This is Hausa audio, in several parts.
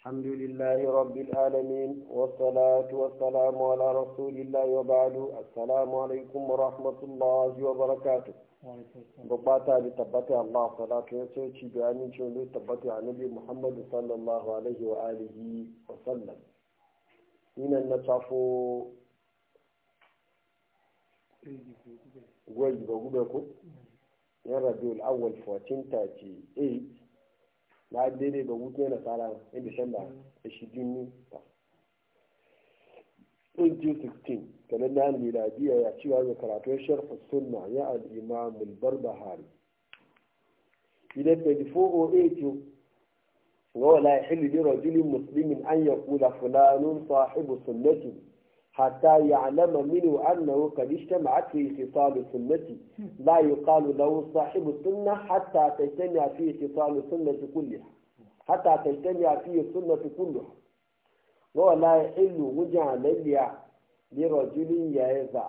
الحمد لله رب العالمين والصلاة والسلام على رسول الله وبعد السلام da tabbata Allah salatu ya ce ci da amincin da tabbata annabi Muhammad sallallahu alaihi wa alihi wa sallam ina na tafo gwaji ko ya rabiul awwal 1438 na daidai ba wuce na tsara in disamba da shi jini ta in 16 kanan na miladiya ya cewa da karatun sharfa sunna ya al'imam barbahari idan 2408 wa wala ya hilli rajulin muslimin an ya kula fulanun sahibu sunnatin hatta ya'lama minhu annahu qad ijtama'at fi ittisal sunnati la yuqalu lahu sahibu sunnah hatta tajtami'a fi ittisal sunnati kulliha hatta tajtami'a fi sunnati kulliha wa la yahillu wuja'alalliya li rajulin yaza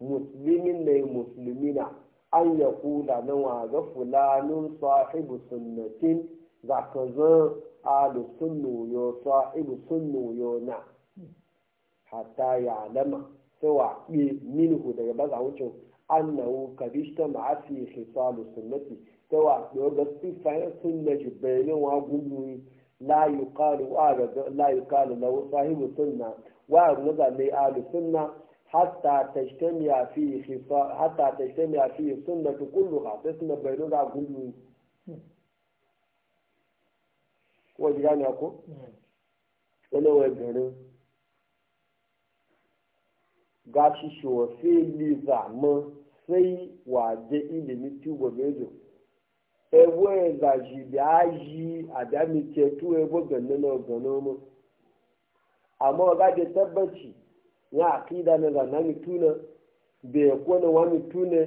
muslimin ne muslimina an yaqula nawa ga fulanun sahibu sunnatin zaka zo alu sunnu yo sahibu sunnu yo na' hatta ya lama cewa ɗe minhu daga baza wucin annahu kabishta fi hisalu sunnati cewa ɗaya ga sifayen sunna shi bayanin wa gumuni la yuqalu aga la yuqalu lahu sahibu sunna wa naza mai ahlu sunna hatta tajtamiya fi hisal hatta tajtamiya fi sunnati kulluha sai sunna bayanin ga gumuni ko jira ne ko hmm. wani wani garin gashi shofe liza mun sai je ilimi tubo bejo ewe zaji da yi adami ke tu ebo ganna na gano mu amma ga da tabbaci ya akida na zanna mi tuna be ko na wa mi tuna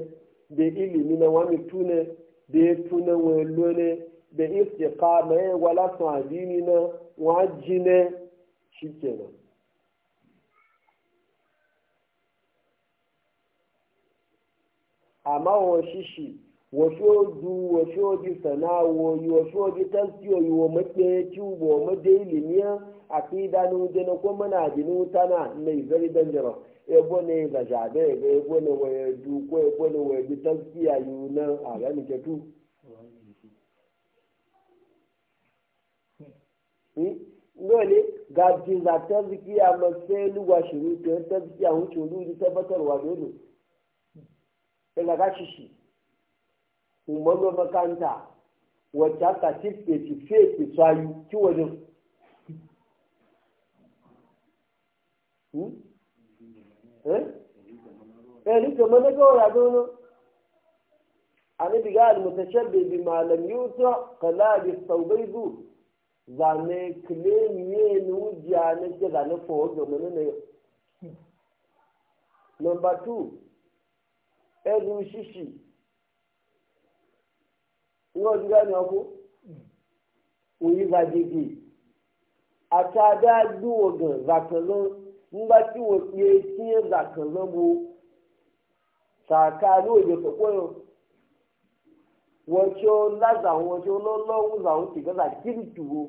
be ilimi na wani mi tuna be tuna wa lone be istiqama wala sa'dini na wajine shikenan ama wọn ṣíṣì wasu fi wasu du wọ́n wasu ó di sànà wọ́n yìí wọ́n fi ó di tẹ́sítì òyìn ebo ne ìdàjà bẹ́ẹ̀ bẹ́ẹ̀ ebo ne wọ́n du kó ebo ne wọ́n yẹ di tẹ́sítì àyùn náà àrẹ́ hmm? nìkẹ́ ga jiza ta ziki a luwa shiru ta ta ziki a tabbatarwa dole ina ga shi shi umarno makanta wacce ka tife tife ki tsayu ki wajen hmm? eh? eh ni kamar na gawa ya ani annabi ga almutashabbi bi ma lam yuta qalab as-sawbaydu zane claim ye nu jane ke zane fo do mun ne number 2 ẹrù ṣíṣì ìwọ ti dá ní ọkú òyì bàjẹ́gì àti adá gbúwò gàn zàkàn nígbà tí wọ́n fi etí zàkàn bo sàkà ní òjò pẹ̀pẹ́ yọ wọ́n tí ó lázà wọ́n tí ó làwọn tìgbà wo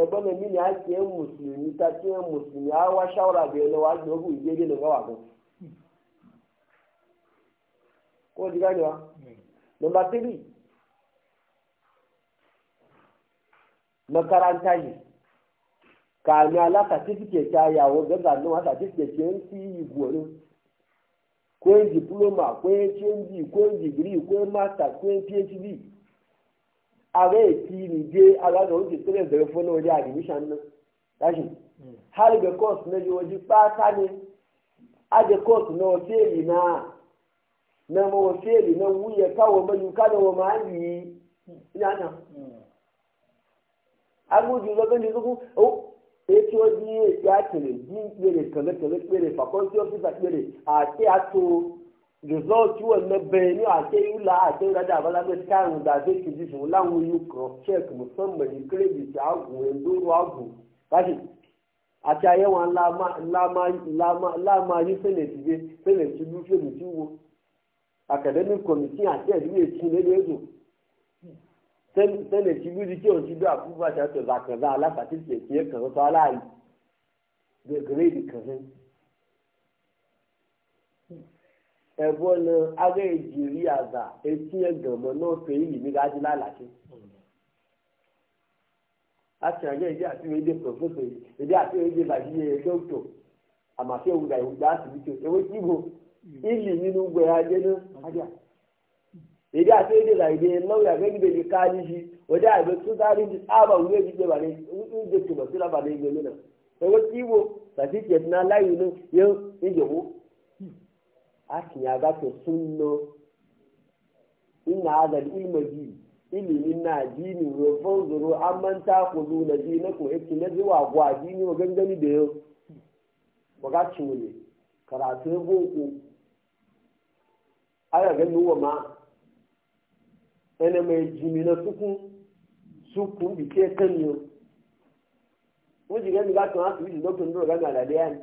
ẹgbọ́n mi mi ni a ti ẹ mùsùlùmí ta ti ẹ mùsùlùmí a wá ṣáwọ́rà bẹ̀rẹ̀ lọ́wọ́ àti ọkùn ìgbéde ló bá wà kó o di ká ní nọmba tírì makaranta yìí kàmi ala ayàwó ní wa sàtífìkẹ̀tì ẹ̀ ń fi ìbò ní. kó diploma kó o ṣe ń bì kó o dìgírì kó kó phd. aga etiri je aga ga wuce tsire da fona waje a dimishan nan tashi har ga na waje fata ne a ga na waseli na na ma na wuya kawo mai kada hmm. wa mali ina nan agbójú lọ́gbọ́n ní gbogbo ó etí ó ní kele àtẹ̀lẹ̀ bí result wannan bayani a ke yi la a ke rada ba lamis kayan da zai ki ji shi lawon yi crop check musamman yi credit agu yanzu agu kashi a ta yawan lama yi senate be senate dufe mutum wo academic committee àti ẹ̀dínwó ètí lédè èzò senate bíi di kí òun ti bí àkúrò àti àtọ̀zà kan bá aláfàtìsì ètí ẹ̀kan sọ aláàyè grade kan ẹ̀bọ́ na ara èjìrí àgbà etí ẹ̀gànmọ́ náà fẹ́ yìí ní gájú lálàáké. láti àjẹ́ ìdí àti ìwé dé pòfẹ́sọ̀ ìdí àti ìwé dé bàjílẹ̀ dókítọ̀ àmàfẹ́ òwúrọ̀ ìwúgbà àsìbítò ewé tí mo ìlì nínú gbẹ ajé náà ájà. èdè àti èdè làìdè lọ́wọ́ àgbẹ̀gbẹ̀ lè ká ní sí ọjà àgbẹ̀ tó dárí ní àbà òwúrọ̀ ìdíje bàlẹ̀ ń dètò bọ̀ sí lábàlẹ̀ ìgbẹ̀ lónà ewé tí mo tàbí jẹ̀ akinya ga to sunno ina ada ilmazi ji ilimi na jini ro fanzuru amman ta kuzu na ji na ko yake na zuwa gwa jini wa gangani da yau ba ga cule karatu ya boko aya ga nuwa ma ene mai jini na suku suku bi ke kan yo wọ́n ti gẹ́gẹ́ bí bá tún á tún bí a dókítà ń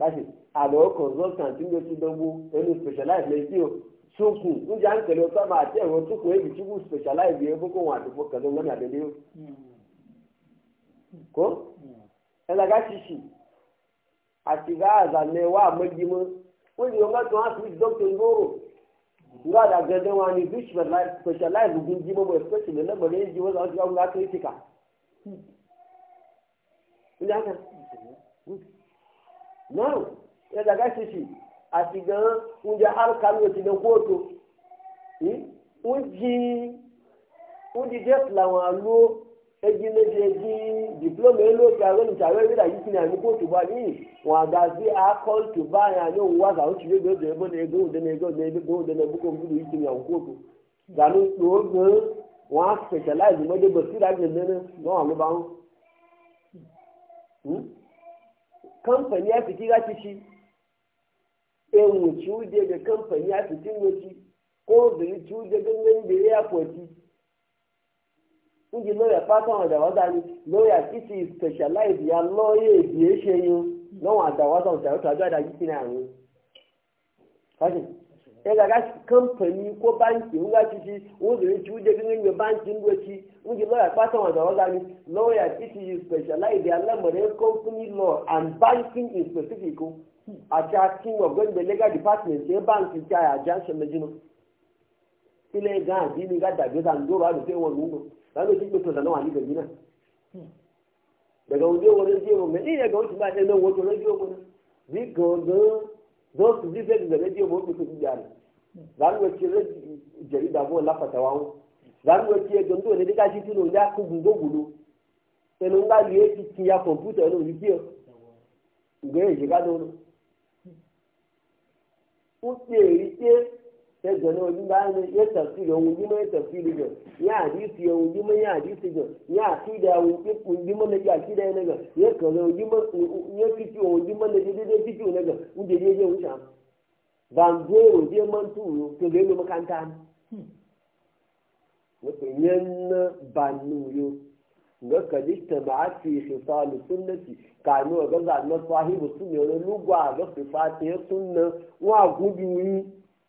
dúró àlọ́ consultant ń lọ sí dọ́gbó ẹni specialize lẹ́sí o sókùn ń jẹ́ àǹkẹ́lẹ́ ọ̀sán máa tẹ̀ ẹ̀rọ sókùn èyí tí kò specialize yẹ fún wọn àdúgbò kẹlẹ́ ńlọ́nà àdédé o. kó ẹlẹ́gà ṣíṣì àti gáàzà ní ẹwà àmọ́jìmọ́ ó ní ọgbà tó wọn fi dókítà ńgòrò nga da gẹ́gẹ́ wọn ni bí specialize ogun jímọ́ mọ́ especially lẹ́gbẹ̀rẹ́ yìí jímọ́ ti wọ́n ń gá kírísìkà. now ya daga shishi a shigan unja har kanu ti na koto unji unji je lawan lo eji meje ji diploma elo ti awon ti awon rira yi kini ani koto ba ni won aga si a call to ba ya ni o wa ga o ti le gbe bo ne go de ne go de ne go de ne bu ko ngu gan wọ́n á specialize mọ́jọ́ bọ̀ síra gbè lẹ́nu lọ́wọ́ ló bá wọn. kọ́ńpẹ̀lì ẹ̀ fìtí láti ṣí in wuce ga kamfani a fitin wuce ko zai ci wuje gangan da ya foti ndị lawyer fatan adawaza ni lawyer specialize ya lawyer biye ṣe yin lọ́wọ́n adawaza ọ̀tà ọ̀tà ọjọ́ àdájí sí náà ni. Fáṣin, ẹ gàgá kọ́mpẹ̀nì kó báńkì ń gá títí wọ́n lè ti wúdé gẹ́gẹ́ ní company and banking in specific. a akin ọ̀gbẹ́ni bẹ̀ legal department ṣe báńkì tí a yà já ṣe méjìmọ́ ilé gan àti ní gàdà bí ta ń dóró da wọn ló ń lò láti ojú pé tòlá náà wà níbẹ̀ nínà gbẹ̀gàn ne wọn lójú wọn mẹ níyẹn gan ó ti bá ẹnu wọn tó lójú wọn bí gangan dọ́ọ̀sì bí bẹ́ẹ̀ gbẹ̀gàn lójú wọn ó pèsè gbígbà rẹ̀ láti wọ́n ti rẹ̀ jẹ̀rí ìdàbọ̀ lápàtà wa wọn láti wọ́n ti ẹjọ́ tó lè dé káṣí tí lòun dá kúgun ya computer ńlá yìí ti ti ya kọ̀ǹpútà ẹ̀ kuke rike ta gano wani bayan ya tafi da wani ma ya tafi da gan ya hadisi ya wani ma ya hadisi gan ya aki da wani ma na ya aki da ya na gan ya kaza wani ya fiki wani ma na daidai da fiki na gan wanda daidai wuce am ban zo waje man turo to ga yi makanta am ga kadista ma fi hisalu sunnati kanu ga za na sahibu sunne ne a ga sifati sunna wa gubi wi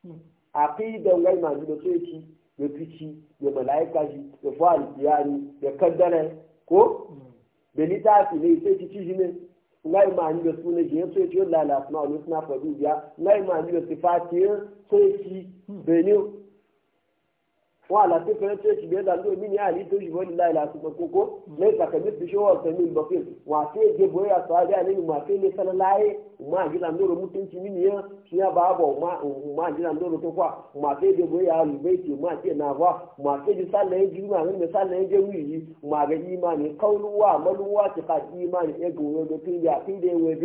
hmm. aqida ngai ma ji da soki e da fici da malaika ji da fa'al kiyani da kaddara ko da hmm. fi ne sai ci ci ne ngai ma ni da sunne ji sai ci la la asma'ul husna fa biya ngai e ma hmm. ji da sifati sai ci benin wa ala sai fara ce biyar da zuwa mini ali to shi wani lai lasu ba koko lai sakamin su shawar min bakin wa sai je boya su hadi a nemi mafi ne sana laye ma gina nuru mutunci mini ya shi ya ba ba ma ma gina nuru to kwa ma sai je boya alu bai ce ma ce na kwa ma sai je sallaye juma ne mai sallaye je wuyi ma ga imani kauluwa maluwa ta ka da tun ya tun da ya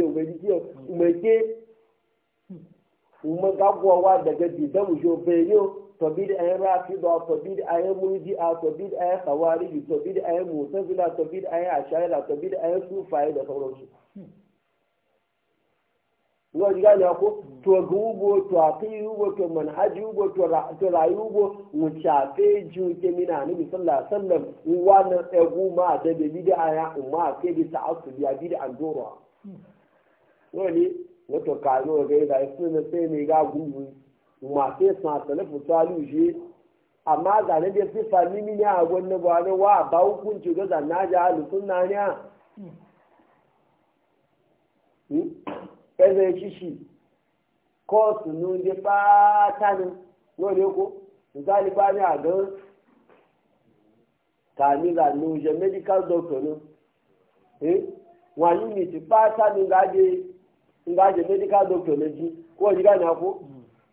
daga to bid'a rafida to bid'a murji'a to bid'a khawarij to bid'a mu'tazila to ayi ash'ari to bid'a sufai da sauransu wa gane ko to gubo to aqiru to manhaju go to to rayu go mu chafe ju ke mina ni sallallahu alaihi wasallam wannan egu ma da bid'a aya umma ke bi asu ya bid'a dora wani wato kazo ga da sunna sai ne ga gubu masu sa salafu salu shi amma zane de fi fami mini a gwanne ba ne wa ba hukunci ga zanna ji halu sunna ne hmm? a ẹzẹ shishi kọọsù ní oúnjẹ pátánu lórí oko misali bá ní àgán kàmílà ní oúnjẹ medical doctor ní wọn ní mìtì pátánu ńgájẹ medical doctor lẹ́jì kó o yí ká ní akó.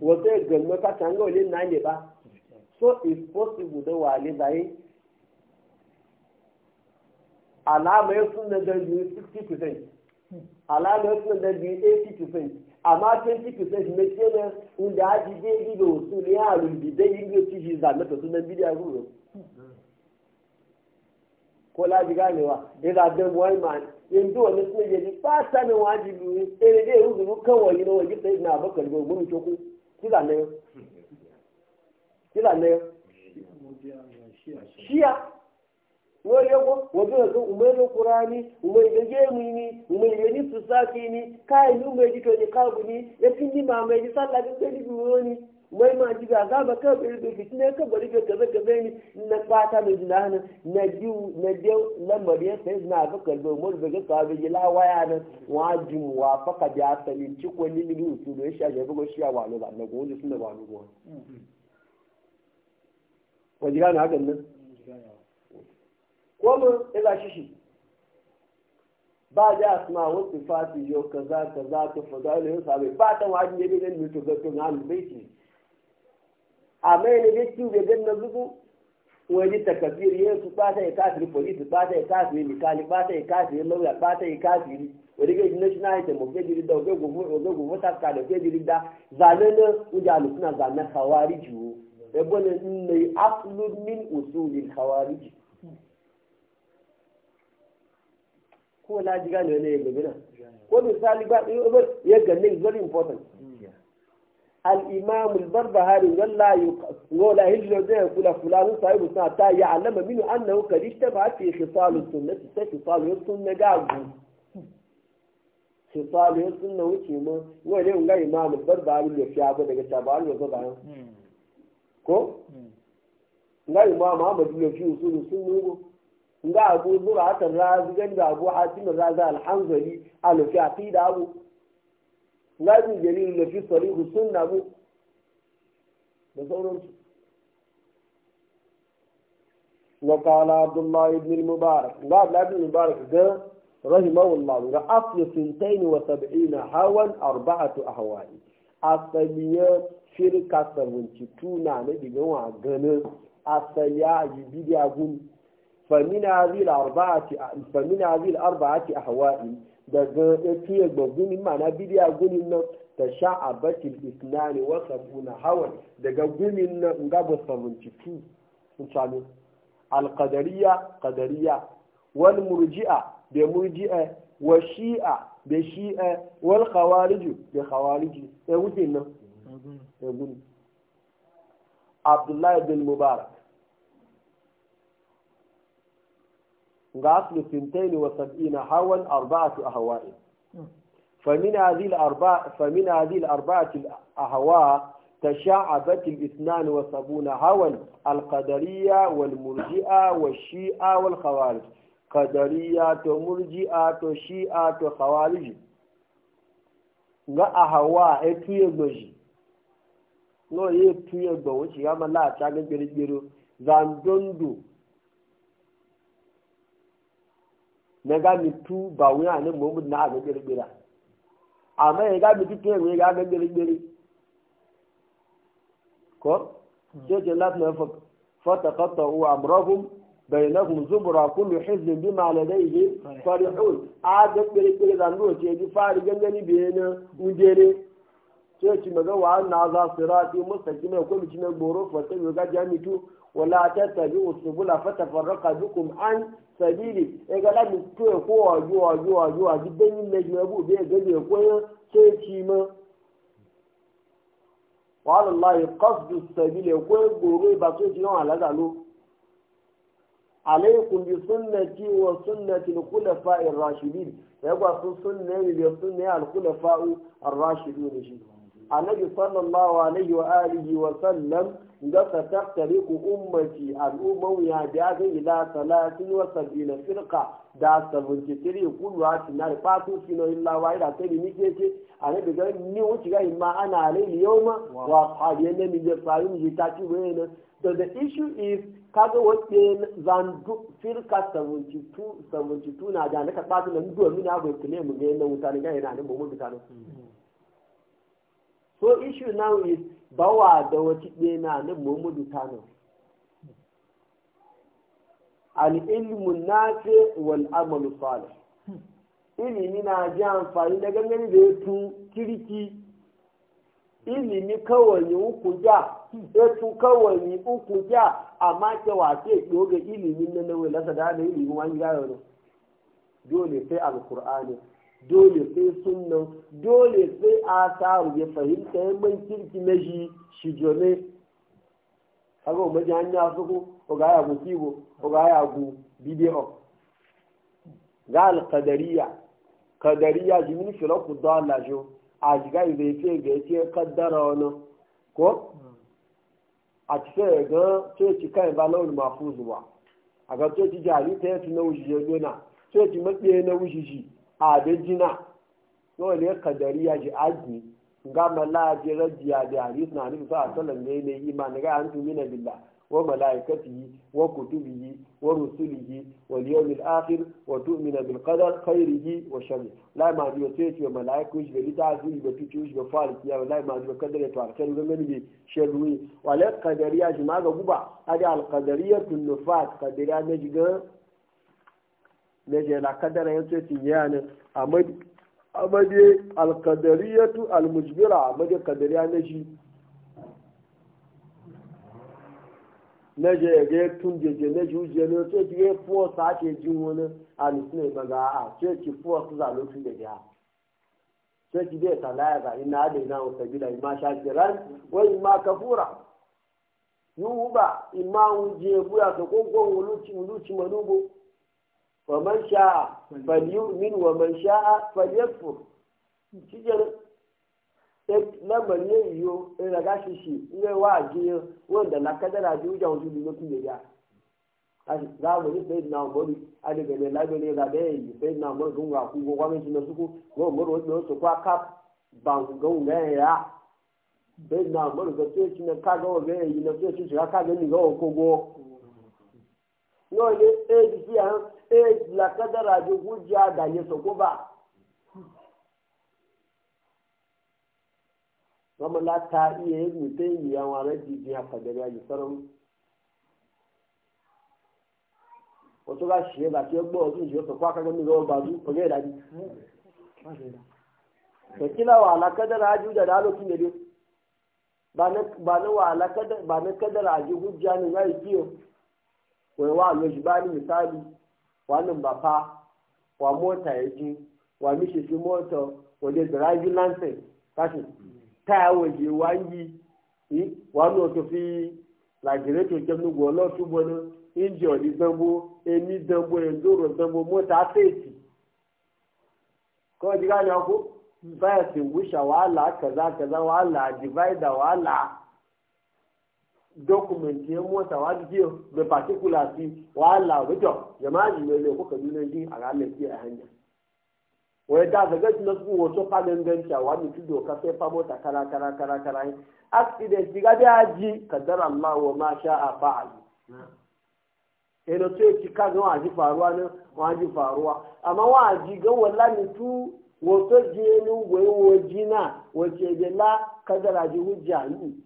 wata ya galma ka ta wale na ne ba so if possible da wale baye alama ya sun da darbi percent alama ya sun da darbi 80% amma 20% mai kenan inda haji zai da wasu ne ya rubi zai yi da ci shi zame ta sunan bidiyar ruru ko laji ganewa ya zaɓen wani ma wani suna yaji ba sanin wajibi ne ɗaya da ya rubu kawai na wajen sai na bakar gurgurin cokun sílà lẹ́yọ sílà lẹ́yọ ṣíà wọ́n yẹ kó wọ́n bí wọ́n tó ọmọ ẹ̀rọ kura ni ni mai ma ji ga za ba kai bai fitin ne kan bari ga gaza kaza ni na fata da jina na na diu na diu lamari ya sai na ba kan do mu ga ka bi la waya na wajin wa fa ka ja salin ci ko ni ni su do sha ja bugo sha wa lo ba na go ni sun da ba lo go ko ji ga na ga nan ko mu ila shi shi ba da asma wasu fati yo kaza kaza ta fadalu sabai ba ta wajin ne da ni to ga to na amma yana da cikin da ganna zuku wani takabir ya su ba ta yi kafiri polisi ba ta yi kafiri mikali ba ta yi kafiri lauya ba ta yi kafiri wani gaji national item of gajiri da oge gugu ta ka da gajiri da zane na wuce alusuna zane hawari jiwo bone ne nne absolute min usulin hawari ji ko laji gane ne ya gabi na ko misali ba ya ganin very important الإمام البربهاري ولا ولا هل ذي فلا فلان صاحب السنة يعلم منه أنه قد اشتبه في خصال السنة خصال السنة قاعد خصال السنة وشيما وليه لا إمام البربهاري اللي في عبد الجبار وضبعه كو لا إمام أحمد اللي في وصول السنة nga أبو zura الرازي razi أبو abu الرازي razi alhanzali alufi aqida abu Na ɗan jaririn da na fi faruwar su na biyu. Na ƙara da ma'aikalin milmi ba'aduka. Na ɗan ɗan jaririn da ma'aikalin milmi ba'aduka, ga Rahma wallafa. Ga Afirka sun taini wa saba'in hawan arba'a tu a Hawari. A samiha shirka sabbin cutuna na igangu a gano. A samiha bibiya gun famin aji da daga fiye ga guni mana a gunin nan ta sha a bakin ne wasa kuna hawan daga gunin nan ga ba 72 mutane alkadariya kadariya wal murji'a da murji'a wa shi'a da shi'a wal khawariju da khawariji ya wuce nan ya guni abdullahi bin mubarak ga aslu sintaini wa sab'ina hawan arba'atu ahwa'i فمن هذه الأربعة فمن هذه الأربعة الأهواء تشعبت الاثنان وسبون هوا القدرية والمرجئة والشيعة والخوارج قدرية مرجئة وشيعة وخوارج nga ahawa etu egbo ji no ye etu egbo wo ci ama la ta gbe gbe gbe zandondo na ga mitu ba wani a nan muhammadu na aga girgira amma ya ga mitu ta yi ga aga girgiri ko jeje lati na fata fata wa amurahun bai na kun zubura kullu hizbin bi ma ladaihi farihun a ga girgiri da ndo ce ji fari gangani biye na ungere ce ci maga wa na za su rati mustaqima ko mi ci na goro fata ga jami'tu wala tattabi'u subula fatafarraqa bikum an sabili e ga lamu to ko ajo ajo ajo waju dan yin ne jabu be ga je ko sai ci ma wala allah qasdu sabili ko goro ba to ji on ala lo alaykum bi sunnati wa sunnati al-khulafa'i ar-rashidin ya ga sun sunne bi sunne al-khulafa'u ar-rashidin shi annabi sallallahu alayhi wa alihi wa sallam ga fatattare ku ummati al'umman ya biya ga ila talatin wa sabina firka, da 73 kullu atina da fatu sino illa wahida kai ni ke ce a ne daga ni wuce ga imma ana alayhi yawma wa qadiya ne mi ga fayu mi ta ci wayna so the issue is kaga wace firka 72 na da ka fatu nan duwa mini abu mu ga ga yana nan mu mm-hmm. so issue now is bawa da wata ɗena na muhammadu tana al'ilmu na ce wal amalu salih ilimi na ji amfani da gangan da ya tun kirki ilimi kawai uku ja ya tun uku ja amma ke wace ɗoga ilimin na nawai lasa da ilimin wani gaya wani dole sai alkur'ani dole sai sunnan dole sai a samu ya fahimta yamman kirki na shi shi jone haka umarci hanya suku ko ga yagu kibo ko ga yagu bidiyo ga alkadariya kadariya jimin firaku dala jo a shiga zai ce ga ce kaddara wani ko a cikin ga ce ci kai ba launin mafuzuwa a ga ce ci jari ta yi na wujije jona coci ci maɗiye na wujiji abejina yau ne kadari ya ji aji ga malaji rajiya da hadis na nufi sa sallan ne ne imani ga an tumina billah wa malaikatihi wa kutubihi wa rusulihi wa yawmil akhir wa bil qadar khairihi wa sharri la ma malaiku ta ji ya la ma kadar bi wa la ji ma ga guba ada al qadariyatun nufat qadariya ji ga na jela kadara ya ce ci ya ne amade alkadariyatu almujbira kadari kadariya na shi na je ga tun jeje na ji uje ne ce ci ya force a ce jin wani alisunai maga a ce ci su za lokacin da ya ce ci bai talaya ga ina da ina wata gida ima ran wai ima kafura yuhu ba ima wuje buya ta kogon wuluci wuluci manubo wa شاء فليؤمن ومن wa فليكفر sha'a falyakfur na lamar yin yiwu in raga shi shi yi wa ajiye da na kadara biyu da wasu biyu a ya za mu yi sai na umaru a daga mai labe ne zaɓe ya yi sai na umaru sun gaku ko kwamin shi na suku ko umaru wasu da wasu kwa kap ban ya na na ka gawa yi na ka gawa ko go náà lé éèdì sí àhán éèdì làkàdàrà àjogún jẹ́ àdàyè sọ̀kóbà. wọ́n la ta iye èyí tó yìí àwọn ará jìjì àpàdébẹ́ àyùsọ́rọ́ wọ́n tó bá ṣe bàtí ó ọdún ìṣòro sọ̀kọ́ akẹ́kọ̀ọ́ nílò ọgbà ọdún ọjọ́ ìdájú. kẹ̀kílà wà alákẹ́dẹ́rẹ́ ajú dàdá ló kí lèdè wà alákẹ́dẹ́rẹ́ ajú hújá ya àìsí o. wai wa lo shi bani misali wa bafa wa mota ya ji wa mishi shi mota wa dai driving license kashi ta ya waje wangi wa no to fi lagire to ke nu go lo tu bono inji odi dambo eni dambo enduro dambo mota feti ko diga hmm. ya ko bias in wisha wala kaza kaza wala divider wala document ya mota wa ji da particular fi wa Allah wato jama'a ne ne ko kaduna ji a ranar ki a hanya wai da daga na su wato fagen ganta wa ni tudo ka sai fa mota kara kara kara kara accident diga da ji kadar Allah wa ma sha'a fa'al eh da sai ki ka ga wa ji faruwa ne wa ji faruwa amma wa ji ga wallahi tu wato je nu wai wajina wace da la kadara ji hujja ni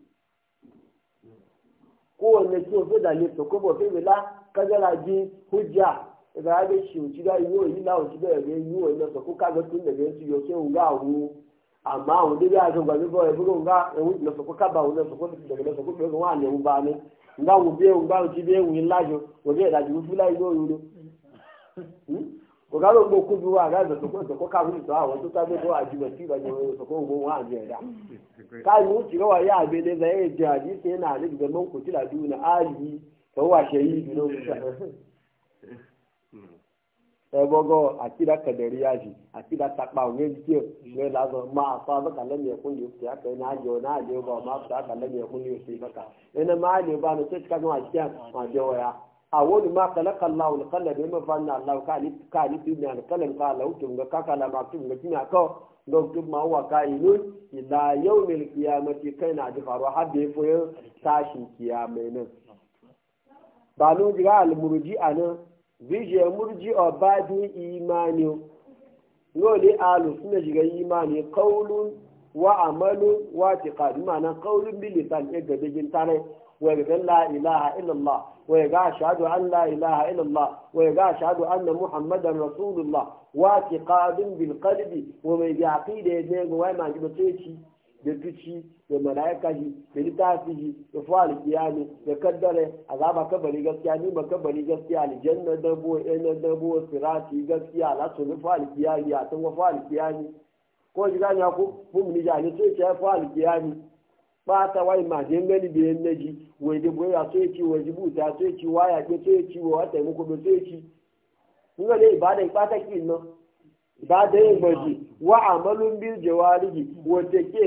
kowanne ciwo fi da lifta ko ba fi bila kagara ji hujja da ya ga shi wuci ga yi da wuci ga yabe yiwo na so ko kaga tun da yanzu yo ke unga wu amma wu da ya zo ga ni ba ya buga unga e wuci na ko kaba wu na ko da ga so ko ga wa ne ba ne nga wu be unga wuci be wu lajo wo ga da ji fu la yiwo yulo hmm? ogalo gbo kudu wa ga zoto ko ko ka wuri to awon to ta ti ba je to ko ka yi wuci ga wa ya be zai je sai na ali ga ku tila duna ali to wa sheyi duna e bogo akida kadari yaji akida takpa we ji we la zo ma fa ba kala me kun yi a kai na jo na ba ma ka ma ya awol ma khalaqa Allahu al fanna Allah ka ni ka ni tin al kala ka la tun ga ka kala ma tun ga kina ko don tun ma wa ka inu ila kiyamati qiyamati na ji faru har da yafi tashin kiyamai nan ba jira al-murji anan zije murji obadi imani no le alu suna jira imani qaulun wa amalu, wa tiqad ma'ana qaulun bil lisan e tare ويقول لا إله إلا الله ويقع أشهد أن لا إله إلا الله أشهد أن رسول الله واعتقاد بالقلب ومن وما da tuci da mala'ika shi da littafi shi da fa'al kiyami da kaddare azaba kabari gaskiya kabari gaskiya aljanna dabo ina dabo sirati ko bata wai ma je ngani bi en neji we de boy a so echi so echi wa ya ke wọ echi wa ta mu ko be so echi nga le ibada ipata ki no ibada en boji wa amalun bil jawarihi we te ke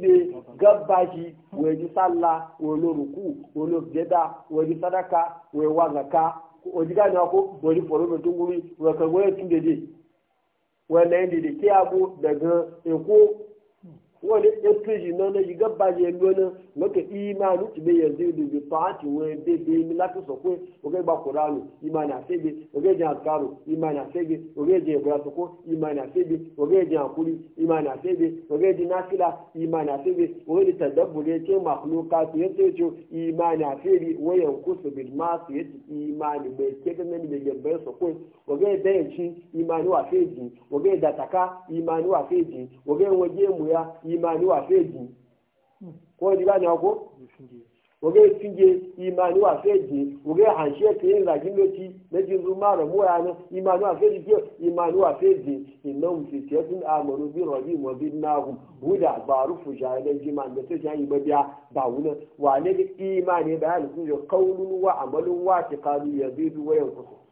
de gabaji we ji salla we lo wọ we lo wọ ji sadaka we wa ka wani ɗanfiji na na shiga ba ya gona maka imanu ci bai yanzu da bi fati wani bai bai mi lafi sokwe oge ba kuranu imani a sebe oge jan karu imani a sebe oge jan ibra soko imani a sebe oge jan kuri imani a sebe oge jan nasila imani a sebe oge da tadabbur ya su ya ce imani a sebe wayan kusa ya ci imani bai ke ganin da yambar sokwe oge da yanci imani wa feji oge da imani wa feji oge waje mu ya imani wa feji hmm. ko ji gane ko oge finge imani wa feji oge hanshe te yin lagin loti na jin zuma da moya na imani wa feji ke imani wa feji inna mu fi tiyatun amaru bi rabi wa bi nahu huda barufu shahidan jiman da sai shahi ba biya ba wuna wa ne imani da halin sun yi kaulun wa amalun wa tiqalu yazidu wa yanqusu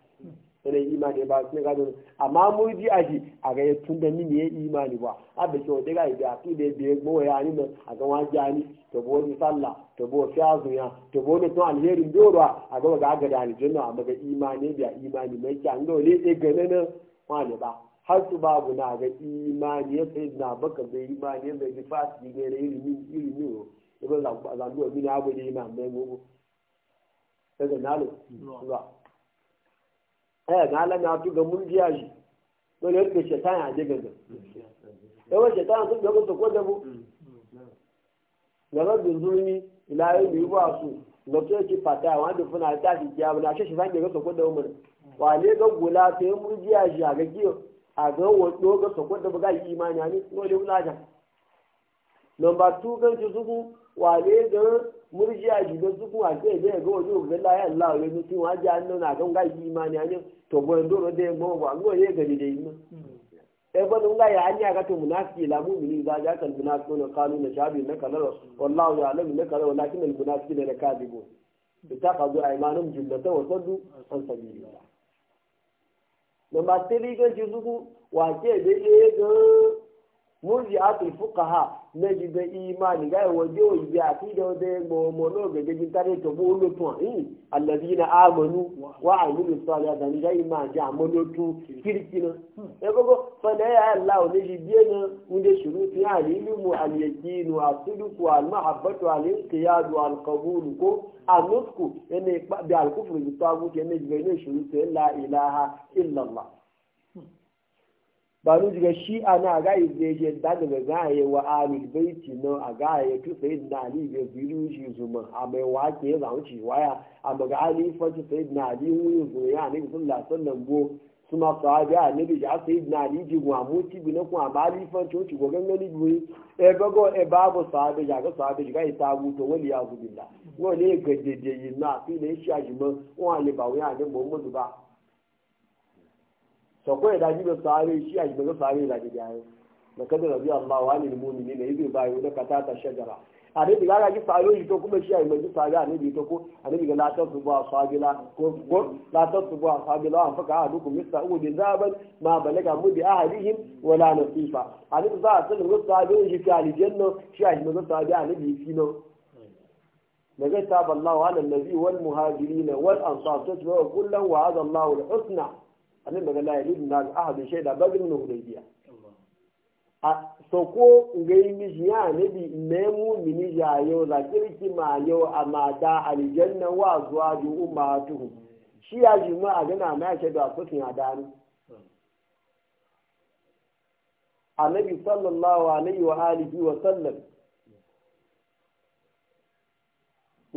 yana yi imani ba su ne gado amma murji a a ga ya tun da ya imani ba a da kyau ga ibi a tuɗe biye ya ni nan a ga wani jani to bo ni sallah to bo ya to bo ni tun alherin a ga ga aga da aljanna a maga imani biya imani mai kyan dole ɗaya gane na wani ba har su babu na ga imani ya sai na baka ga imani ya bai ne na ilimin abu mai aya ga ala na tuga ga mun biya shi dole yake shaitan ya je gaga yawan shaitan sun ga musu ko da gaba da zurmi ila yau bi ba su ga to ki fata wa da funa ta shi ya bula shi shi zan ga ko da mu wa le ga gula ta mun biya shi a ga kiyo a ga wato ga ko da buga imani ne dole mu laja number 2 ga su wa le ga murjiya shi don su a sai zai ga wani ogun la Allah ya mutu wa ji an nuna kan gaji imani an to bo ndoro de mo ba ngo ye gari de ima hmm. e ba dun ga ya an ya ga to munafiki la mu'mini za ja kal munafiqun qalu na shabi na kala wallahu ya'lamu na kala walakin al munafiqina la kadibun bitaqadu aymanum jillata wa saddu an sabilillah ga wa de ye ga múzi àtúnfúkàá lẹ́jìgbẹ́ ìmáàlì gáyé wọ́n jẹ́ òyìnbí àti ìdẹ́wọ́dẹ́ gbọmọ náà gẹ́gẹ́ bí tàbí tọ́bú olótún àhín alẹ́bí iná àmọ́nú wà àìlúlù sọ́ọ̀lẹ́ àdàní gáyé máa jẹ́ àmọ́lótún kíríkí náà. ẹ gbogbo fọdẹ ẹ àlá ò léṣi díẹ náà ń lè ṣòro fi hàn nílùmọ àlẹjìnnù àtúndùkù àlùmọ àbọtọ àlẹkẹyàdù àlùkọbùlù kó àlùkù ẹni bí àlùkù fòlùtọ́ àbúkẹ́ ẹni jùlọ ilé ìṣòro tẹ́ la ìlàhà ìlàlá. baru dịka diga shi ana ga ibe je da ga ye wa ali baiti no ga ye tu sai na ali biru shi zuma a mai wa ya za ci waya ga ali fa tu sai na ali wu yu ya ne sallallahu alaihi na bo suma sahabi a nabi ja sai na ali ji wa mu ti bi na ku amma ali fa tu ci go gangan ni bi e ba go e ba go sahabi ja ga ya billah wo ne ga na fi ne shi ajima wa ba wa sako ya daji da sare shi a gidan sare da gidan yayin da kada rabbi amma wa lil mu'minin ne yabi bayu da kata ta shajara a dai daga ga sare shi to kuma shi a mai sare a ne ita ko a ne ga latar su ba sabila ko ko latar su ba sabila an faka a duk mista u bi zaban ma balaga mu bi ahlihim wala nasifa a ne za a tsare ga sare shi ka aljanna shi a mai sare a ne bi fino daga taballahu ala allazi wal muhajirin wal ansar tatwa kullan wa hada Allahu al annabi daga la yalidu na ahadu shaida badrin na hudaybiya a soko gai mishi ya bi memu mini ya yau da kirki ma yau a amada aljanna wa zuwa zuwaju ummatuhum shi ya ji ma a gana na shaida kusin adani annabi sallallahu alaihi wa alihi wa sallam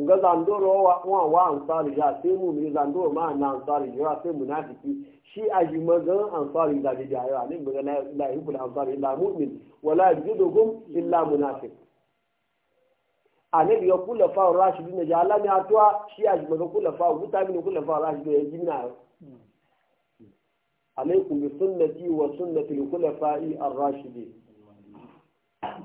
ga zandoro wa wa ansari ya sai mu ne zandoro ma na ansari ya sai munafiki shi a ji magan ansari da ji ya ne magan la yuhul ansari illa mu'min wala yajidukum illa munafiq anabi ya kula fa rashidin na jala ne atwa shi a yi magan kula fa guta min kula fa rashidin ya jinna alaikum bi sunnati wa sunnati al-khulafa'i ar-rashidin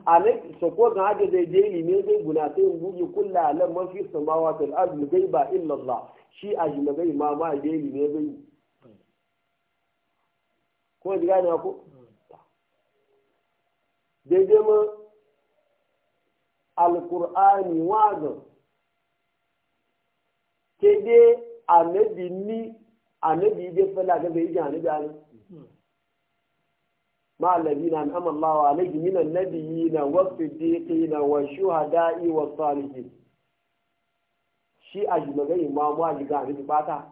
alai isa ko ga hada zai je ilimi zai guna sai in buge kullu alam man fi ta al ardi gaiba illa Allah shi a jimagai ma ma je ilimi zai yi. ko ji gane ko daidai ma alkur'ani wagan ke dai annabi ni annabi dai fala ga bai ji annabi مع الذين أنعم الله عليهم من النبيين والصديقين والشهداء والصالحين shi a jimagai ma mu aji ga abin bata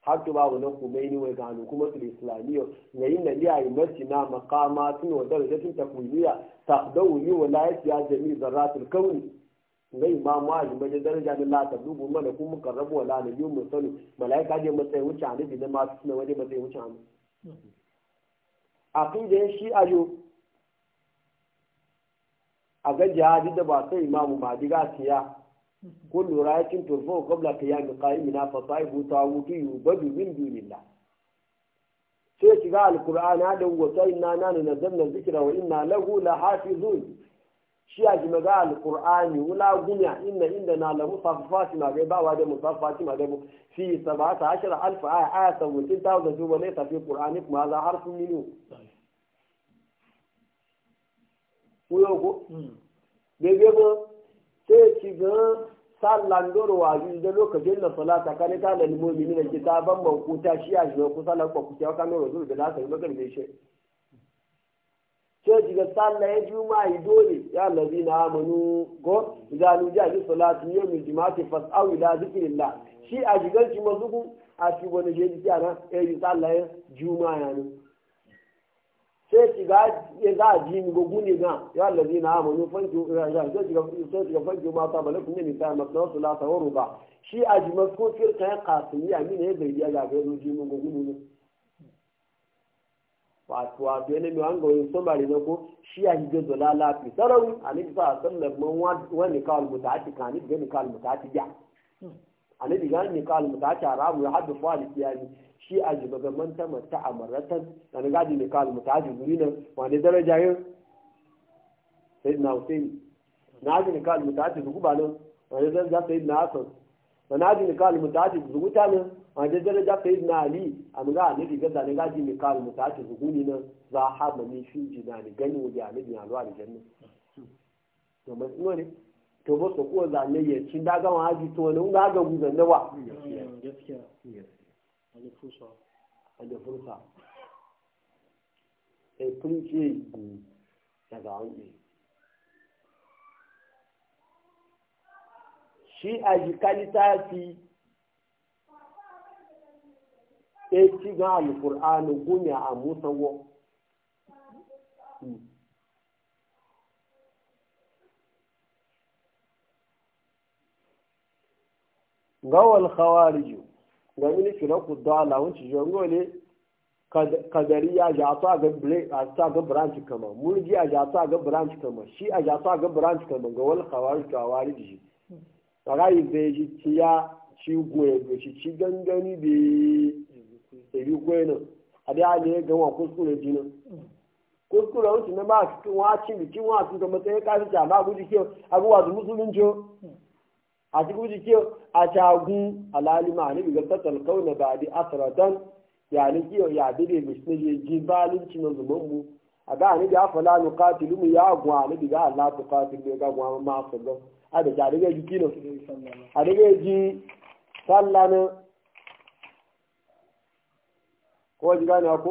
har to babu na kumaini wai ga hannun kuma tul islamiyya na yin na liya imarci na makama tun wa darajatin takwiliya ta dawo yi wa layat ya jami zarratul kauni ngai ma mu aji maje daraja da lata dubu mana kuma karrabu wa lana yi mu sani malaika je matsayin wuce hannu bi na masu suna waje matsayin wuce a hannu aqidan shi ayo a ga jihadi da ba sai imamu ma diga siya kun lura yakin turfo qabla qiyam qa'imina fa taibu tawuti yubadu min dunillah sai shiga alqur'ana da na inna nanu nazzalna zikra wa inna lahu lahafizun shi a jima ga alkur'ani wula gunya inna inda na lamu safafati ma gai bawa da musafafati ma gai bu fi ta ashirar alfa aya aya sabutin ta wuce zuwa ne tafi qur'ani kuma za har sun minu kuyo ko bebe ko sai ci ga sallan doro wa ji da lokacin da salata kan ta da limomi ne da kitaban ban kuta shi a jima kusa lakwa ku kuta kan doro zuwa da za ka yi magana shi sai ji ga sallah ya juma dole ya lazi na amanu ko idan aluji a ji salatu yau mai jima'ati fas'au ila zikirillah shi a shigar shi mazugu a shi wani shi ji kyana ya yi sallah ya juma ya ne sai ci ga ya za a ji ni go ne ga ya lazi na amanu fanki ya sai ci ga fanki ma ta bala kuma ne ta masu wasu lasa waro ba shi a ji masu ko firka ya kasu a mini ya zai ya ga ga ya zo ji ni ne wato wato yana mai wanga wani somari na ko shi ya hige zola lafi sarari a nufi sa sallar man wani kawal mutaci ka nufi gani kawal mutaci ya hmm. a nufi gani kawal mutaci a ramu ya haɗu fa da kiyani shi a ji baga man ta mata a maratan da na gadi ne kawal mutaci guri nan wani daraja yin sai na hussein na ji ne kawal zuku ba nan wani daraja sai na hasan na ji ne kawal zuku ta nan wanda daraja yi na ali amma ga annabi ga zane gaji mai kawo mutaci zuhuni nan za ha mani shi jina ni gani wuri annabi ya zuwa da jannu to ba suna ne to ba su kuwa zane ya ci daga wa haji to wani ga ga guzan na wa A da fursa a e prince gu daga wani shi a jikali ta fi e ci ga alƙur'ani gunya a musawo hmm. gawal khawariju ga mini kira ku dala wanci jongo ne kadari ya ja to ga break a ta ga branch kama murji a ja to ga branch kama shi a ja to ga branch kama ga wal khawarij khawarij shi rai zai ji ciya ci gwe go shi ci gangani be èyí kó ẹ̀nà àbí àlẹ́ ẹ̀gẹ́ wọn kó sùkúrò ẹ̀jì náà kó sùkúrò ọ̀hún sì mẹ́bà kí wọ́n á tì kí wọ́n àti tọmọ káṣí tí àbá àbújì kí ọ àbúwà tó mùsùlùmí jọ àti bújì kí ọ àti àgún alálìmọ̀ àníbi gẹ́gẹ́ tẹ̀lẹ̀ kọ́wé bàdí àtàràdán yàní kí ọ yà àdédé mùsùlùmí bá ko ji gane ko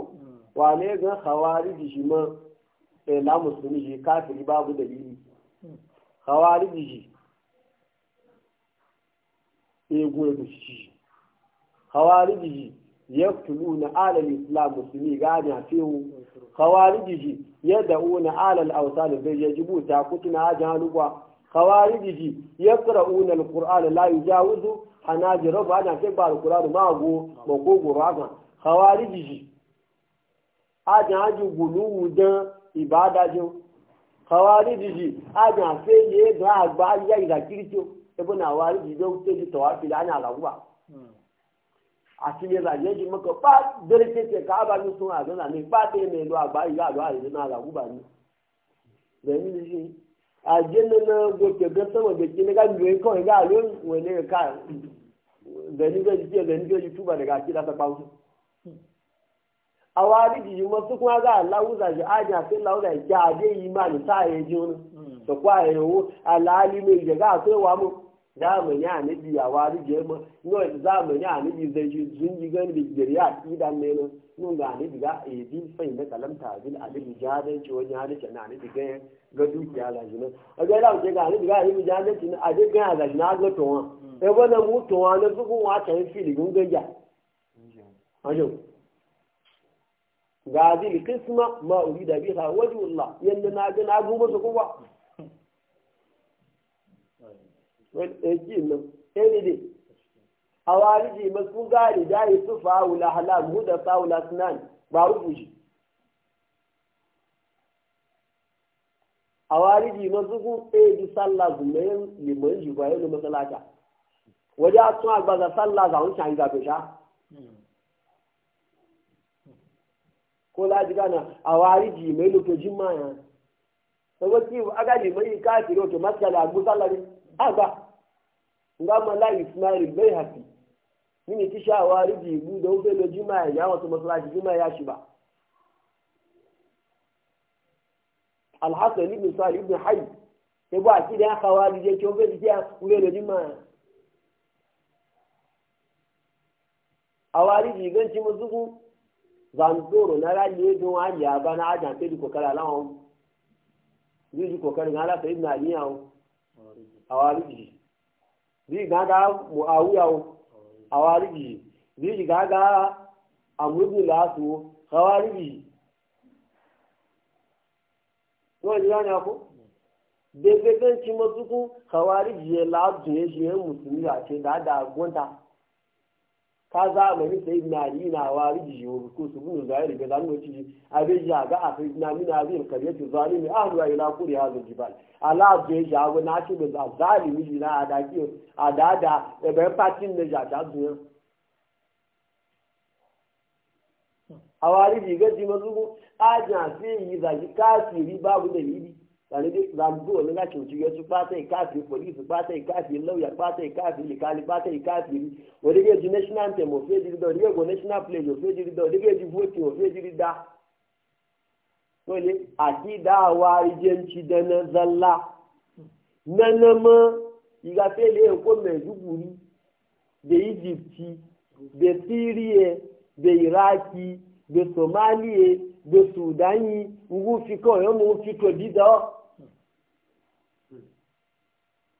wane gan hawariji shi ma eh, la musulmi shi kafiri babu dalili ji shi ego eh, ego shi ji shi na alal islam musulmi gane a fiyo ji shi na alal awsan bai yajibu ta kutuna hawari ji shi yaqra'una kuran la yujawizu hanaji rabu ana kai ba alqur'anu ma go ma ko go khawariji ji ajan aju guluwu dan ibadajin khawariji ji ajan fe ye agba ya ira kirito ebo na wariji do te di tawafi la na lawa àti ní ìlànà yẹn di mọ́kàn bá bẹ́rẹ̀ tètè káàbà ní sun àdánà ní bá tẹ̀ ní ìlú àgbá ìlú àdó àìlú náà làwùbá ni. bẹ́ẹ̀ni ní sí àjẹ nínú gbèsè gẹ́sẹ̀ wọ̀n gbèsè ní ká lu ẹ̀kọ́ ìgbà ló ń wẹ̀ ní ẹ̀ka a wari masu kuma ga ajiya ya je yi ma ni sa ya ji wani da kwa ya yawo alali mai ga sai wa mu zamani a nabi a wari je ma no zamani zai shi ji gani idan ne no ga e bi na ga ga la e no a ga lawo ke ga ga a ga ga na ga to wa hmm. e mu to wa na su wa ta ajo ga kisma ma uri da biha wajen Allah yadda na ga na gobe su A wani ɗaki nan ɗaya ne a wariji masu gari da yi su fa'ula halal da fa'ula sunan ba rufu ji. a ji masu kun ɗaya ji sallah zumayen liman shi bayan masalata wajen sun agbaza sallah zaun can gafe sha ko laji gana a wari ji mai lokacin maya sabo ki aga ji mai ka ti ro to masala musallari aga ngama la ismail bai hafi mini ti sha wari ji bu da ufe lo juma ya wato masalaci juma ya shi ba alhassan ibn sa'id ibn hayy e ba ki da khawari je ki ufe ji ya ufe lo juma awari ji ganci muzuku zandoro na rajiye don wani ya bana ajan sai duk kokari alawan zai ji kokarin ala sai na ni yawo awariji zai ga ga muawiya awariji zai ga ga amurni lasu hawariji to ji ne ko bebe kan ci mazuku hawariji ya lazu ya shi musulmi a ce da da gwanta ka zamani sai na yi na wari ji yoru ko su bunu zahiri ga zamu ci abe ya ga afi na min azil qaryatu zalimi na wa ila ha hadha jibal ala be ya na ci da zalimi ji na ada da e be patin ne ja ta duniya awari ji ga ji mazugo aja sai yi zaji kasiri babu dalili tàbí gbàgbó nígbà tí òtún yẹtu pátá ìkáàfin pòlíìsì pátá ìkáàfin lọ́ọ̀yà pátá ìkáàfin ìkàlí pátá ìkáàfin òdígéjì national anthem òfé dídá òdígéjì national pledge òfé dídá òdígéjì voting òfé dídá wọlé àkídá àwa ìjẹǹtì dáná zálá nánámọ ìgbàfẹ́lẹ́ èkó mẹ́ẹ̀dúgbùrú dé egypt dé syria dé iraki dé somalia dé sudan yìí ngú fi kọ́ ọ̀yọ́ mú fi tòbí dán.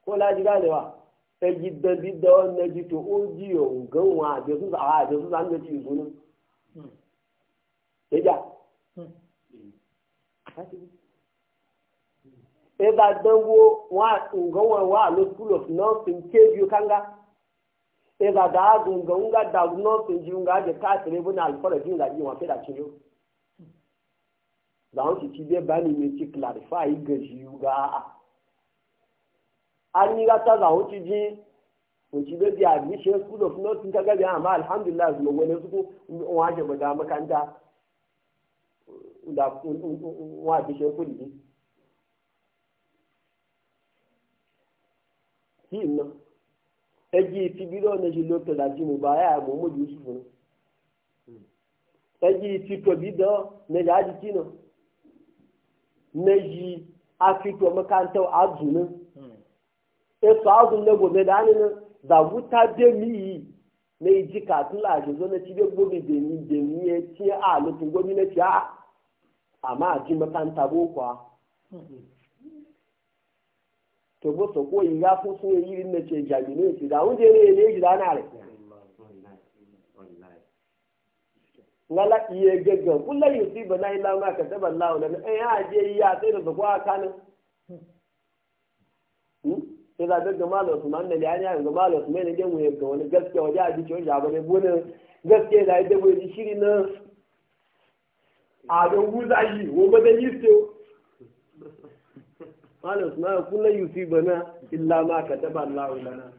ko laji ganewa ta gidan bidda wannan ji to o ji yo ganwa da su a da su zan da ci sunan hmm. ya hmm. e ba dango wa ngonwa wa lo school of ke biyo kanga e ba da gunga unga da nursing ji nga je ka tare bu na alfara ji unga ji wa fe da cin da hmm. on ti ti be ba ni mi ti clarify ga ji ga a anyigata za wuce ji wuce bai biya admission school of nursing ta gabi amma alhamdulillah su wani suku wajen ba da makanta da wajen shi kudi ji ki ina eji ti biro na shi lokta da ji mu ba ya mu mu yusuf ne eji ti to bido na ya ji kino na ji afito makanta azunin eto azun na gobe da hannun da de mi na iji katun lafi zo na cibe gobe da ni da ni ya ce a lufin gwamnati a amma a ji makanta bokwa to bo so ko yi ya fun na ce jami na da ne ne na a ngala iye gaggan kullum yusiba na ila ma kataba ya eh, ya sai da zakwa sai zaɓe ga malam usman da liyani ga malam usman ne mu ga wani gaskiya waje a jikin ya bane bune gaskiya da ita bai shiri na a don guza yi wo ba da yiste malam usman kullu yusi bana illa ma kataba Allahu lana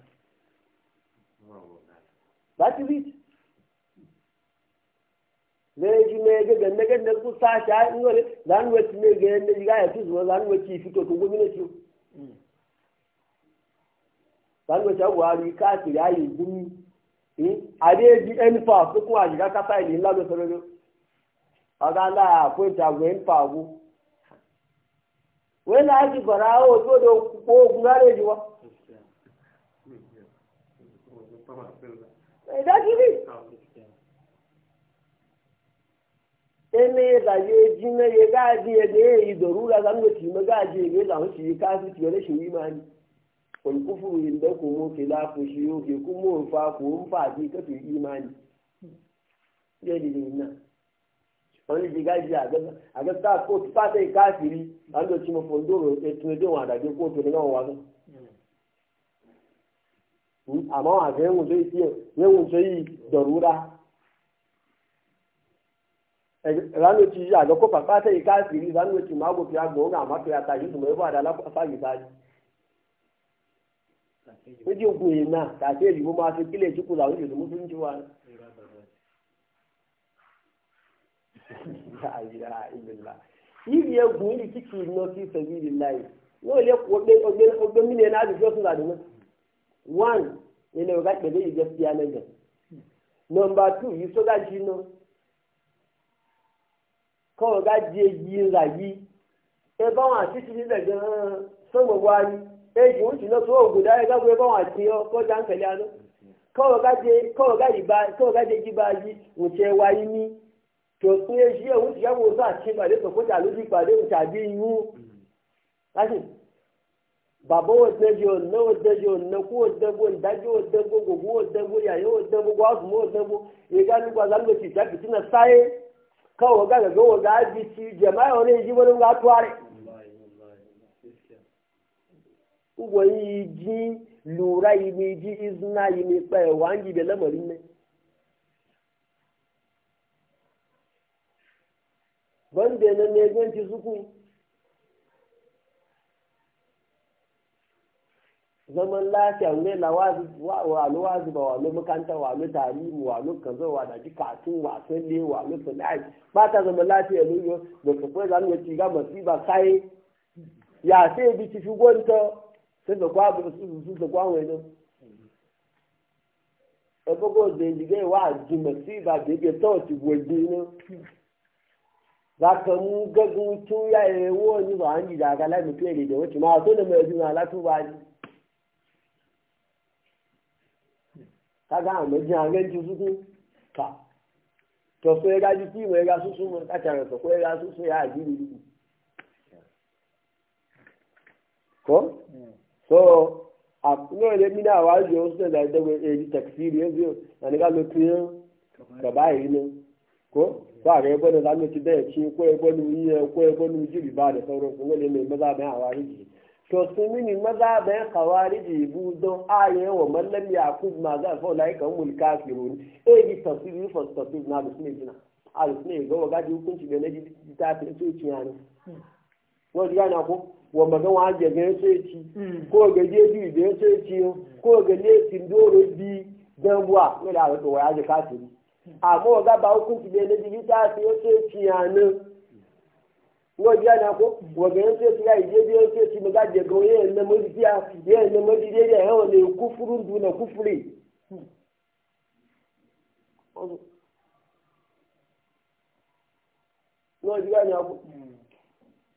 that is it meji mege ne nege ne ku sa sha in wale zan wace mege ne ga ya zuwa? zan wace fito to gwamnati sango cha buhari káàkiri ayé ìgbóni adé di ẹnfà fúnkún àyíká kápá ìlú ńlá ló sọrọ ọgá ńlá àpótà wẹ ńfà wó wẹ náà ti bọ̀rọ̀ àwọn òṣòro kó ogun rárẹ̀ yìí wọ́. ìdájúbí ẹni ìdàjẹ́ jìnnà yẹ tì mọ́ làwọn tì ọ́ lẹ́sìn yìí máa ní. والكفر عندكم خلاف شيوخكم وفاقهم فعقيدة الإيمان يجرينا wọ́n ti ká ṣe àgbẹ̀ta kóòtù pàṣẹ káàkiri àjọ tí mo fò ń dòrò ètò èdè wọn àdàgbé kóòtù ní wọn wà lọ. àmọ́ àgbẹ̀ ń wò tó yìí ń wò tó yìí dọ̀rúra. ranar ci a ga kofa fata e e hmm, yi kafiri ranar ci mago fiya ga wani su mai ba e da fagi fagi ojú ògùn èyí na tàbí èyí mo máa fi kílẹ̀ ìjókòó làwọn èèyàn ndị ń jù wá. yìí ẹgùn yìí kíkì iná sí ìfẹ̀mí ìlú láyé wọ́n lè kó ọgbẹ́ mílíọ̀nù náà nọmba eji wuce na so guda ya gagwe ba wace yau ko da hankali ano kawai gaje ji ba ji wuce wayi ni to sun ya shi ya wuce ya bo sa ci ba dai ko ta lubi ba dai ta baba wa daji ya yo gwa go asu ga ni kwa zango ci ta ga ji ci jama'a ne ji ga tuare ugbo yi ji lura yi mai ji izina yi mai tsaye wangi da lamarin ne banda na ne ganci suku zaman lafiya ne la wa walo wazi ba walo makanta walo tarihi walo kaza wa da jikatun wasan ne walo fulani ba ta zaman lafiya ne yo da kuma zamu ci ga masiba sai? ya sai bi ci shugonta sai da kwa gaba su su e e da kwa wani ẹgbogbo dèjìgé wa jùmọ̀ sí ìbàdìgé tọ́ọ̀tì wòjì ní lákàmú gẹ́gùn tó yá ewó nígbà ń jìjà àga láìpẹ́ èrè ìdẹ̀wò tí máa tó lè mọ ẹbí wọn alátúwà ní. kága àwọn méjì àwọn méjì súnkú kà tọ̀sọ̀ ẹ̀ka ju tí ìmọ̀ ẹ̀ka súnsún mọ́ láti àrùn sọ̀kọ́ ẹ̀ka súnsún yá àjírí kọ́. so a kuma ne mina wa ji wasu da zai dagwai a yi takfiri na ni gano tuyin ka ne ko ba ga yabo da zamu ci da ya ko yabo ni yi ko ni ji da sauran kuma ne hawariji to sun bu don aye wa mallam yakub ma za a ulai ka umul kafirun e yi tafsiri fa tafsir na bisne ga ta ji wa maga wa hmm. je ga sai ci ko ga je bi da sai ci ko ga tin bi dan wa da ga wa je ka a ga ba hukunci ne na digita sai sai ci yana wọ́n yá náà kó wọ̀gẹ̀rẹ́ tó ti ra ìdíyẹ́dẹ́ tó ti mọ̀ gáàjẹ̀ gan yẹ́ ẹ̀ lẹ́mọ́ ti díà yẹ́ ẹ̀ lẹ́mọ́ ti díẹ̀ ẹ̀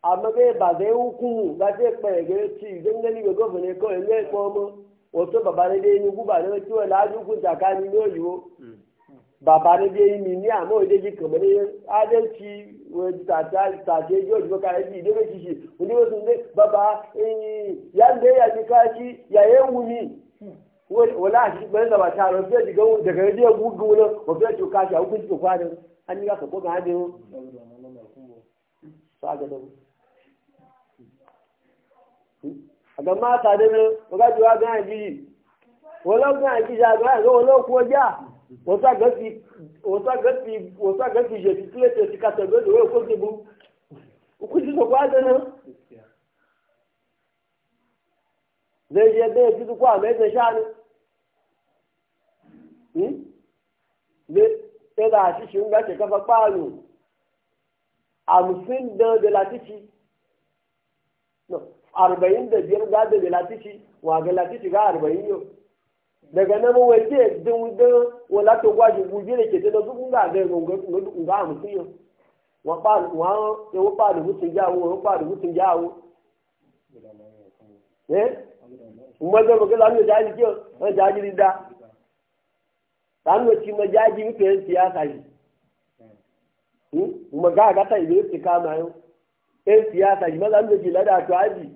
amma bai ba zai hukumu ba zai kpaya gare ci zan gani ga gobe ne kawai ne ko mu wato baba ne dai ni guba ne kiwa ne ni ni amma dai ji kamar ne adalci wani tata tace jo jo ka yi dai ki shi wani wasu ne baba ya ne ya ji ka shi ya yi a hukunci ko kwanin àgbà máa tàdé mi ọgá ti wá gán àjíjì wọn lọ gán àjíjì àgbà àgbà wọn lọ kú ọjà wọn tó àgbà ti yẹ ti kílẹ̀tì ti kàtà gbé ìwé òkú ti bu òkú ti sọ̀kọ́ àdánù. lẹ́yìn ẹgbẹ́ yẹn títí kó àmì ẹ̀sẹ̀ ṣáà ni lé hmm? tẹ́lá àṣìṣe ń gbàṣẹ káfá de la títí. arba'in da biyar ga da latici wa ga latici ga arba'in yau daga nan wai ke din da wala to gwaji buji da ke da zugun ga ga ga ga hamsin yau wa pa wa ya wa pa da mutun jawo wa pa da mutun jawo eh umma da ga da ji ke an jaji da dan wa ci mu mutai siyasa yi hmm? umma ga ga ta ibe ka ma yau eh siyasa yi maza mu ji lada to aji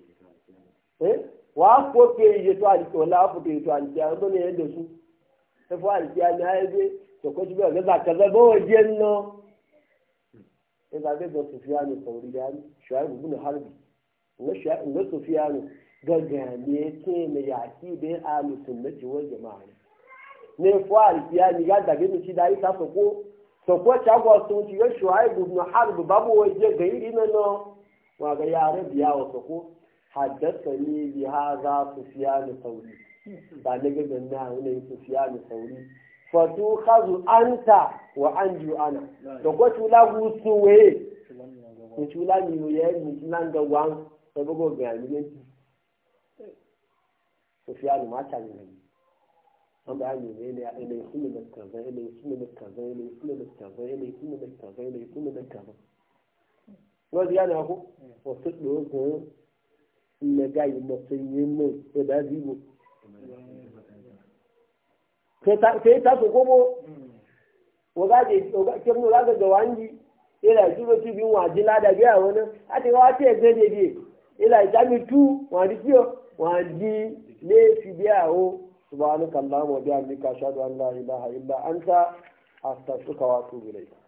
Eh? wàá kó pé iye tó àdìsí ọ̀la àpòtò ètò àdìsí àwọn tó ní ẹ̀ ń dòṣù ẹ̀fọ́ àdìsí àmì ayẹyẹ tòkó síbẹ̀ ọ̀gẹ́gbà kẹfẹ́ bọ́wọ́ jẹ́ ń lọ. ẹgbẹ́ akẹ́kọ̀ọ́ sọfíàánù sọ̀rọ̀ harbi ǹgbẹ́ sọfíàánù gọ̀gàn ní etí ya yà sí ibẹ̀ àlùsùn méjì wọ́n jẹ̀ máa rẹ̀. ní ẹ̀fọ́ àdìsí àmì sun ti su بهذا سفيان sauri, بعد قلنا ga سفيان الثوري فتؤخذ أنت وأنجو أنا تقول له سوي wa an mi o yɛ mutu la ŋdɔ wa ŋu ɛfɛ ko gbɛɛ mi yɛn sofi alu ma ta ne yi an bɛ ayi yɛlɛ ɛlɛ ɛlɛ ìfúnni ne kànfɛ ɛlɛ ìfúnni bɛ ne ɛlɛ ne, bɛ kànfɛ ɛlɛ ìfúnni bɛ kànfɛ ɛlɛ ne, su ne lọ́sí yára ko o tó tó o gbọ́n na gayi matsayin mai da da zibo sai ta su gobo wagaje kirnu raga ga su ila jibo ti bin waji lada biya wani a ti wa ti ẹgbẹ dede ila mi tu wadi kiyo wadi ne fi biya o subhanaka allahumma bihamdika ashhadu an la ilaha illa anta astaghfiruka wa atubu ilayk